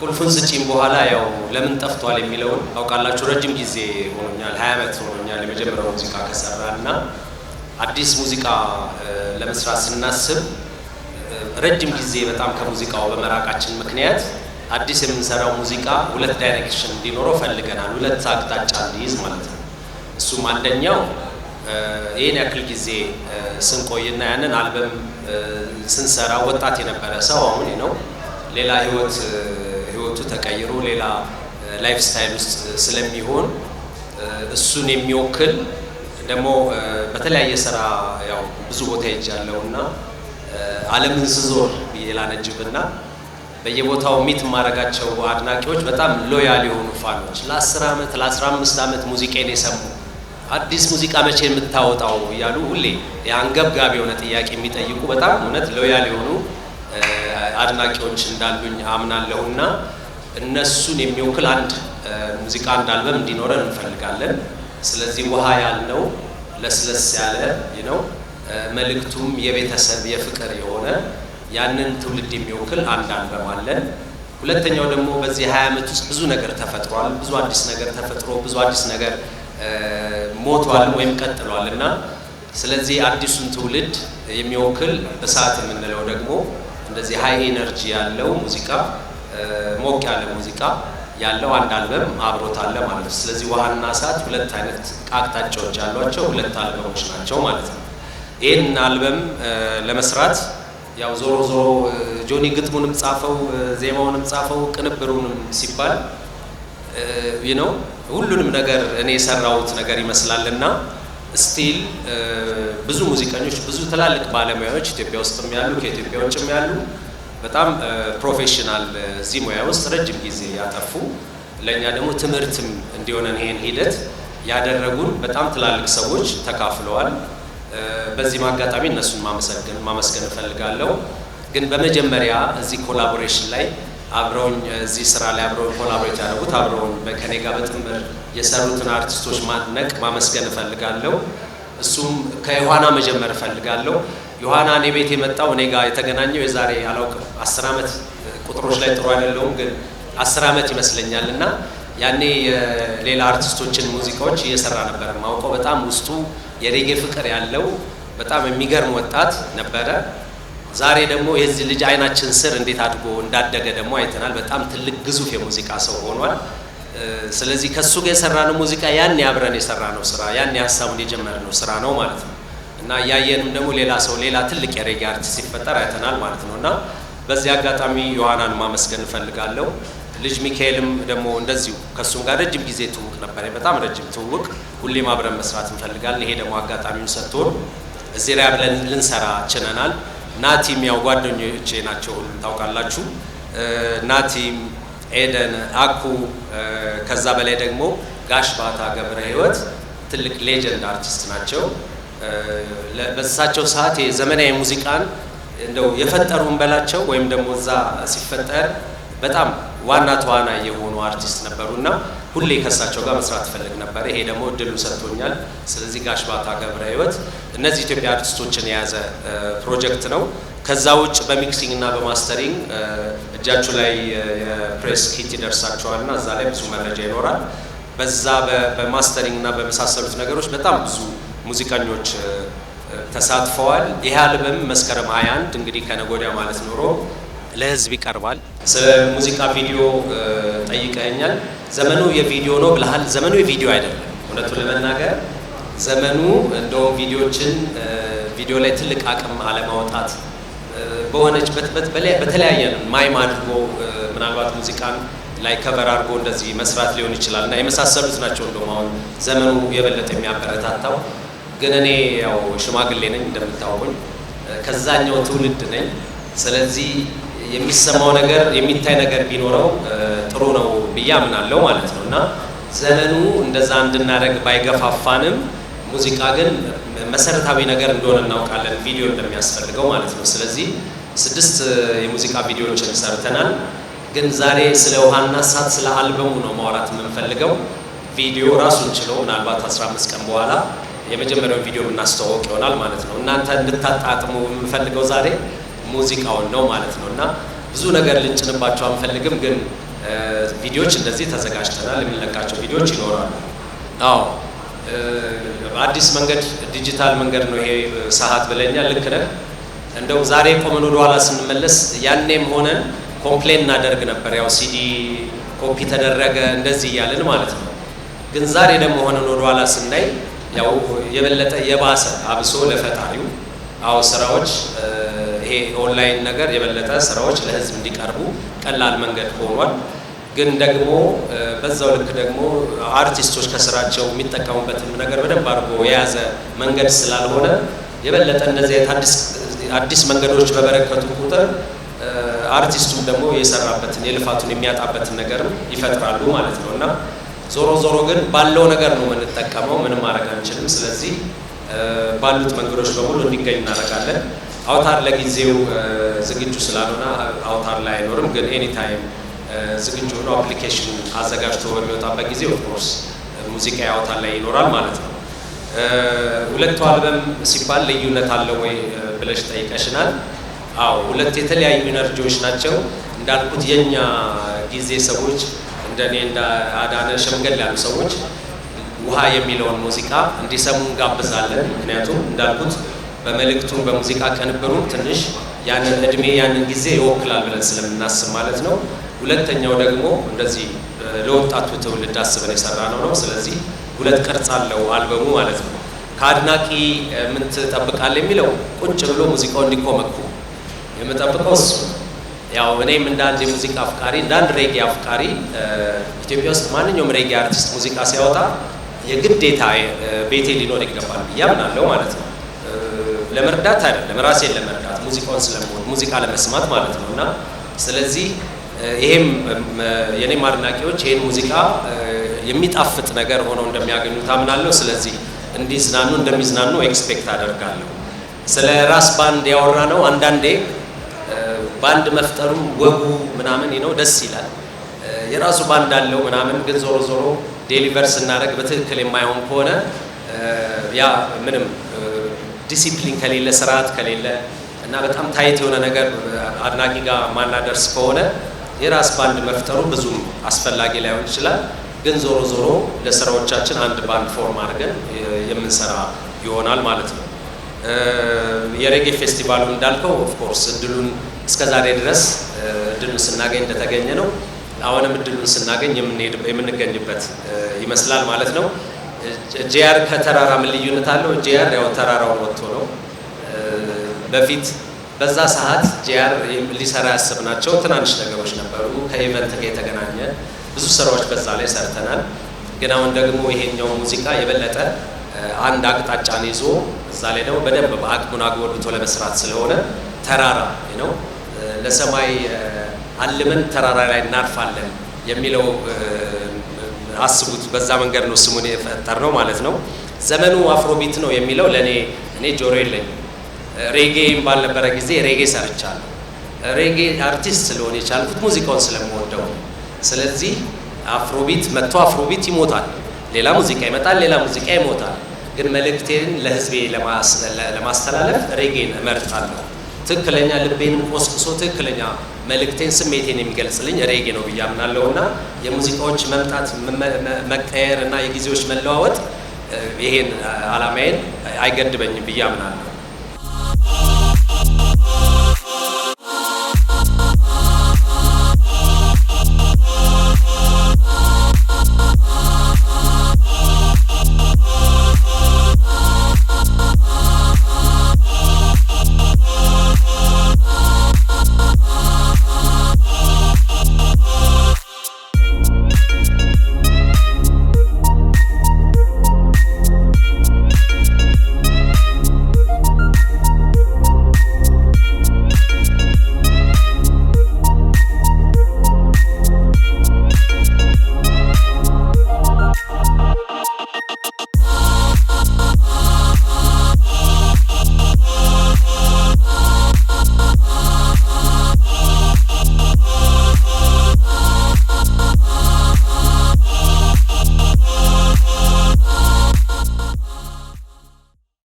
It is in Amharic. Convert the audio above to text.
ቁልፉን ስጪም በኋላ ያው ለምን ጠፍቷል የሚለውን አውቃላችሁ። ረጅም ጊዜ ሆኖኛል፣ ሀያ ዓመት ሆኖኛል የመጀመሪያው ሙዚቃ ከሰራ እና አዲስ ሙዚቃ ለመስራት ስናስብ ረጅም ጊዜ በጣም ከሙዚቃው በመራቃችን ምክንያት አዲስ የምንሰራው ሙዚቃ ሁለት ዳይሬክሽን እንዲኖረው ፈልገናል። ሁለት አቅጣጫ እንዲይዝ ማለት ነው። እሱም አንደኛው ይህን ያክል ጊዜ ስንቆይና ያንን አልበም ስንሰራ ወጣት የነበረ ሰው አሁን ነው ሌላ ህይወት ህይወቱ ተቀይሮ ሌላ ላይፍ ስታይል ውስጥ ስለሚሆን እሱን የሚወክል ደግሞ በተለያየ ስራ ያው ብዙ ቦታ ሄጃለሁ እና ዓለምን ስዞር ብዬ ላነጅብና በየቦታው ሚት የማደርጋቸው አድናቂዎች በጣም ሎያል የሆኑ ፋኖች ለአስር ዓመት ለአስራ አምስት ዓመት ሙዚቃን የሰሙ አዲስ ሙዚቃ መቼ የምታወጣው እያሉ ሁሌ የአንገብጋቢ የሆነ ጥያቄ የሚጠይቁ በጣም እውነት ሎያል የሆኑ አድናቂዎች እንዳሉኝ አምናለሁ እና እነሱን የሚወክል አንድ ሙዚቃ እንዳልበም አልበም እንዲኖረን እንፈልጋለን። ስለዚህ ውሃ ያልነው ለስለስ ያለ ነው፣ መልእክቱም የቤተሰብ የፍቅር የሆነ ያንን ትውልድ የሚወክል አንድ አልበም አለን። ሁለተኛው ደግሞ በዚህ ሀያ ዓመት ውስጥ ብዙ ነገር ተፈጥሯል። ብዙ አዲስ ነገር ተፈጥሮ ብዙ አዲስ ነገር ሞቷል ወይም ቀጥሏል እና ስለዚህ አዲሱን ትውልድ የሚወክል እሳት የምንለው ደግሞ እንደዚህ ሀይ ኤነርጂ ያለው ሙዚቃ ሞቅ ያለ ሙዚቃ ያለው አንድ አልበም አብሮት አለ ማለት ነው። ስለዚህ ውሃና እሳት ሁለት አይነት አቅጣጫዎች ያሏቸው ሁለት አልበሞች ናቸው ማለት ነው። ይህን አልበም ለመስራት ያው ዞሮ ዞሮ ጆኒ ግጥሙንም ጻፈው፣ ዜማውንም ጻፈው፣ ቅንብሩንም ሲባል ነው uh, ሁሉንም ነገር እኔ የሰራሁት ነገር ይመስላልና ስቲል uh, ብዙ ሙዚቀኞች ብዙ ትላልቅ ባለሙያዎች ኢትዮጵያ ውስጥም ያሉ ከኢትዮጵያ ውጭም ያሉ በጣም ፕሮፌሽናል uh, እዚህ ሙያ ውስጥ ረጅም ጊዜ ያጠፉ ለእኛ ደግሞ ትምህርትም እንዲሆነን ይሄን ሂደት ያደረጉን በጣም ትላልቅ ሰዎች ተካፍለዋል። በዚህም አጋጣሚ እነሱን ማመስገን እፈልጋለሁ። ግን በመጀመሪያ እዚህ ኮላቦሬሽን ላይ አብረውኝ እዚህ ስራ ላይ አብረውን ኮላብሬት ያደረጉት አብረውን ከኔ ጋር በጥምር የሰሩትን አርቲስቶች ማድነቅ ማመስገን እፈልጋለሁ። እሱም ከዮሐና መጀመር እፈልጋለሁ። ዮሐና እኔ ቤት የመጣው እኔ ጋር የተገናኘው የዛሬ አላውቅም አስር ዓመት ቁጥሮች ላይ ጥሩ አይደለውም ግን አስር ዓመት ይመስለኛል እና ያኔ የሌላ አርቲስቶችን ሙዚቃዎች እየሰራ ነበረ ማውቀው በጣም ውስጡ የሬጌ ፍቅር ያለው በጣም የሚገርም ወጣት ነበረ። ዛሬ ደግሞ የዚህ ልጅ አይናችን ስር እንዴት አድጎ እንዳደገ ደግሞ አይተናል። በጣም ትልቅ ግዙፍ የሙዚቃ ሰው ሆኗል። ስለዚህ ከእሱ ጋር የሰራነው ሙዚቃ ያን አብረን የሰራነው ስራ ያን ሀሳቡን የጀመርነው ስራ ነው ማለት ነው እና እያየንም ደግሞ ሌላ ሰው ሌላ ትልቅ የሬጌ አርቲስት ሲፈጠር አይተናል ማለት ነው እና በዚህ አጋጣሚ ዮሐናን ማመስገን እፈልጋለሁ። ልጅ ሚካኤልም ደግሞ እንደዚሁ ከእሱም ጋር ረጅም ጊዜ ትውውቅ ነበር፣ በጣም ረጅም ትውውቅ። ሁሌም አብረን መስራት እንፈልጋለን። ይሄ ደግሞ አጋጣሚውን ሰጥቶን እዚህ ላይ አብረን ልንሰራ ችለናል። ናቲም ያው ጓደኞቼ ናቸው ታውቃላችሁ። ናቲም፣ ኤደን፣ አኩ ከዛ በላይ ደግሞ ጋሽ ባታ ገብረ ህይወት ትልቅ ሌጀንድ አርቲስት ናቸው። በሳቸው ሰዓት የዘመናዊ ሙዚቃን እንደው የፈጠሩን በላቸው ወይም ደግሞ እዛ ሲፈጠር በጣም ዋና ተዋናይ የሆኑ አርቲስት ነበሩ ሁሌ ከእሳቸው ጋር መስራት ፈልግ ነበር። ይሄ ደግሞ እድሉ ሰጥቶኛል። ስለዚህ ጋሽ ባታ ገብረ ህይወት እነዚህ ኢትዮጵያ አርቲስቶችን የያዘ ፕሮጀክት ነው። ከዛ ውጭ በሚክሲንግ እና በማስተሪንግ እጃችሁ ላይ የፕሬስ ኪት ይደርሳችኋል እና እዛ ላይ ብዙ መረጃ ይኖራል። በዛ በማስተሪንግ እና በመሳሰሉት ነገሮች በጣም ብዙ ሙዚቀኞች ተሳትፈዋል። ይህ አልበም መስከረም 21 እንግዲህ ከነጎዳያ ማለት ኖሮ ለህዝብ ይቀርባል። ስለ ሙዚቃ ቪዲዮ ጠይቀኛል። ዘመኑ የቪዲዮ ነው ብልሃል። ዘመኑ የቪዲዮ አይደለም እውነቱን ለመናገር ዘመኑ እንደውም ቪዲዮችን ቪዲዮ ላይ ትልቅ አቅም አለማውጣት በሆነች በተለያየ ማይም አድርጎ ምናልባት ሙዚቃን ላይ ከበር አድርጎ እንደዚህ መስራት ሊሆን ይችላል እና የመሳሰሉት ናቸው። እንደውም አሁን ዘመኑ የበለጠ የሚያበረታታው ግን እኔ ያው ሽማግሌ ነኝ እንደምታወቁኝ፣ ከዛኛው ትውልድ ነኝ። ስለዚህ የሚሰማው ነገር የሚታይ ነገር ቢኖረው ጥሩ ነው ብዬ አምናለሁ ማለት ነው እና ዘመኑ እንደዛ እንድናደርግ ባይገፋፋንም ሙዚቃ ግን መሰረታዊ ነገር እንደሆነ እናውቃለን፣ ቪዲዮ እንደሚያስፈልገው ማለት ነው። ስለዚህ ስድስት የሙዚቃ ቪዲዮዎችን ሰርተናል። ግን ዛሬ ስለ ውሃና እሳት ስለ አልበሙ ነው ማውራት የምንፈልገው። ቪዲዮ ራሱን ችሎ ምናልባት 15 ቀን በኋላ የመጀመሪያውን ቪዲዮ የምናስተዋወቅ ይሆናል ማለት ነው። እናንተ እንድታጣጥሙ የምንፈልገው ዛሬ ሙዚቃውን ነው ማለት ነው። እና ብዙ ነገር ልንጭንባቸው አንፈልግም። ግን ቪዲዮዎች እንደዚህ ተዘጋጅተናል፣ የምንለቃቸው ቪዲዮዎች ይኖራሉ። አዎ አዲስ መንገድ ዲጂታል መንገድ ነው ይሄ ሰዓት ብለኛል። ልክ ነህ። እንደው ዛሬ ቆመን ኋላ ስንመለስ ያኔም ሆነ ኮምፕሌን እናደርግ ነበር፣ ያው ሲዲ ኮፒ ተደረገ እንደዚህ ያለን ማለት ነው። ግን ዛሬ ደግሞ ሆነን ኋላ ስናይ ያው የበለጠ የባሰ አብሶ ለፈጣሪው አዎ ስራዎች ይሄ ኦንላይን ነገር የበለጠ ስራዎች ለህዝብ እንዲቀርቡ ቀላል መንገድ ሆኗል። ግን ደግሞ በዛው ልክ ደግሞ አርቲስቶች ከስራቸው የሚጠቀሙበትን ነገር በደንብ አድርጎ የያዘ መንገድ ስላልሆነ የበለጠ እንደዚህ አዲስ መንገዶች በበረከቱ ቁጥር አርቲስቱም ደግሞ የሰራበትን የልፋቱን የሚያጣበትን ነገር ይፈጥራሉ ማለት ነው እና ዞሮ ዞሮ ግን ባለው ነገር ነው የምንጠቀመው፣ ምንም ማድረግ አንችልም። ስለዚህ ባሉት መንገዶች በሙሉ እንዲገኝ እናደርጋለን። አውታር ለጊዜው ዝግጁ ስላልሆነ አውታር ላይ አይኖርም፣ ግን ኤኒታይም ዝግጁ ሆኖ አፕሊኬሽን አዘጋጅቶ በሚወጣበት ጊዜ ኦፍኮርስ ሙዚቃ ያወታ ላይ ይኖራል ማለት ነው። ሁለቱ አልበም ሲባል ልዩነት አለ ወይ ብለሽ ጠይቀሽናል። አዎ ሁለት የተለያዩ ኢነርጂዎች ናቸው እንዳልኩት የእኛ ጊዜ ሰዎች እንደ እኔ እንደ አዳነ ሸምገል ያሉ ሰዎች ውሃ የሚለውን ሙዚቃ እንዲሰሙ እንጋብዛለን። ምክንያቱም እንዳልኩት በመልእክቱ በሙዚቃ ቅንብሩም ትንሽ ያንን እድሜ ያንን ጊዜ ይወክላል ብለን ስለምናስብ ማለት ነው። ሁለተኛው ደግሞ እንደዚህ ለወጣቱ ትውልድ አስበን የሰራ ነው ነው። ስለዚህ ሁለት ቅርጽ አለው አልበሙ ማለት ነው። ከአድናቂ ምን ትጠብቃለህ የሚለው ቁጭ ብሎ ሙዚቃው እንዲኮመኩ የምጠብቀው እሱ ያው እኔም እንደ አንድ የሙዚቃ አፍቃሪ እንደ አንድ ሬጌ አፍቃሪ ኢትዮጵያ ውስጥ ማንኛውም ሬጌ አርቲስት ሙዚቃ ሲያወጣ የግዴታ ቤቴ ሊኖር ይገባል ብዬ አምናለሁ ማለት ነው። ለመርዳት አይደለም ራሴን ለመርዳት ሙዚቃውን ስለምወድ ሙዚቃ ለመስማት ማለት ነው እና ስለዚህ ይሄም የኔም አድናቂዎች ይህን ሙዚቃ የሚጣፍጥ ነገር ሆኖ እንደሚያገኙ ታምናለሁ። ስለዚህ እንዲዝናኑ እንደሚዝናኑ ኤክስፔክት አደርጋለሁ። ስለ ራስ ባንድ ያወራ ነው። አንዳንዴ ባንድ መፍጠሩ ወጉ ምናምን ነው ደስ ይላል። የራሱ ባንድ አለው ምናምን፣ ግን ዞሮ ዞሮ ዴሊቨር ስናደርግ በትክክል የማይሆን ከሆነ ያ ምንም ዲሲፕሊን ከሌለ ስርዓት ከሌለ እና በጣም ታይት የሆነ ነገር አድናቂ ጋር ማናደርስ ከሆነ የራስ ባንድ መፍጠሩ ብዙም አስፈላጊ ላይሆን ይችላል። ግን ዞሮ ዞሮ ለስራዎቻችን አንድ ባንድ ፎርም አድርገን የምንሰራ ይሆናል ማለት ነው። የሬጌ ፌስቲቫሉ እንዳልከው ኦፍኮርስ እድሉን እስከዛሬ ድረስ እድሉን ስናገኝ እንደተገኘ ነው። አሁንም እድሉን ስናገኝ የምንገኝበት ይመስላል ማለት ነው። ጂያር ከተራራ ምን ልዩነት አለው? ጂያር ያው ተራራውን ወጥቶ ነው በፊት በዛ ሰዓት ጂአር ሊሰራ ያሰብናቸው ትናንሽ ነገሮች ነበሩ። ከኢቨንት ጋር የተገናኘ ብዙ ስራዎች በዛ ላይ ሰርተናል። ግን አሁን ደግሞ ይሄኛው ሙዚቃ የበለጠ አንድ አቅጣጫን ይዞ እዛ ላይ ደግሞ በደንብ በአቅሙን አጎልብቶ ለመስራት ስለሆነ ተራራ ነው ለሰማይ አልመን ተራራ ላይ እናርፋለን የሚለው አስቡት። በዛ መንገድ ነው ስሙን የፈጠር ነው ማለት ነው። ዘመኑ አፍሮቢት ነው የሚለው ለእኔ እኔ ጆሮ የለኝም ሬጌ ባልነበረ ጊዜ ሬጌ ሰርቻለሁ። ሬጌ አርቲስት ስለሆነ የቻልኩት ሙዚቃውን ስለምወደው ስለዚህ አፍሮቢት መጥቶ አፍሮቢት ይሞታል፣ ሌላ ሙዚቃ ይመጣል፣ ሌላ ሙዚቃ ይሞታል። ግን መልእክቴን ለህዝቤ ለማስተላለፍ ሬጌን እመርጣለሁ። ትክክለኛ ልቤንም ቆስቅሶ ትክክለኛ መልእክቴን ስሜቴን የሚገልጽልኝ ሬጌ ነው ብዬ አምናለሁ እና የሙዚቃዎች መምጣት መቀየር እና የጊዜዎች መለዋወጥ ይሄን አላማዬን አይገድበኝም ብዬ አምናለሁ።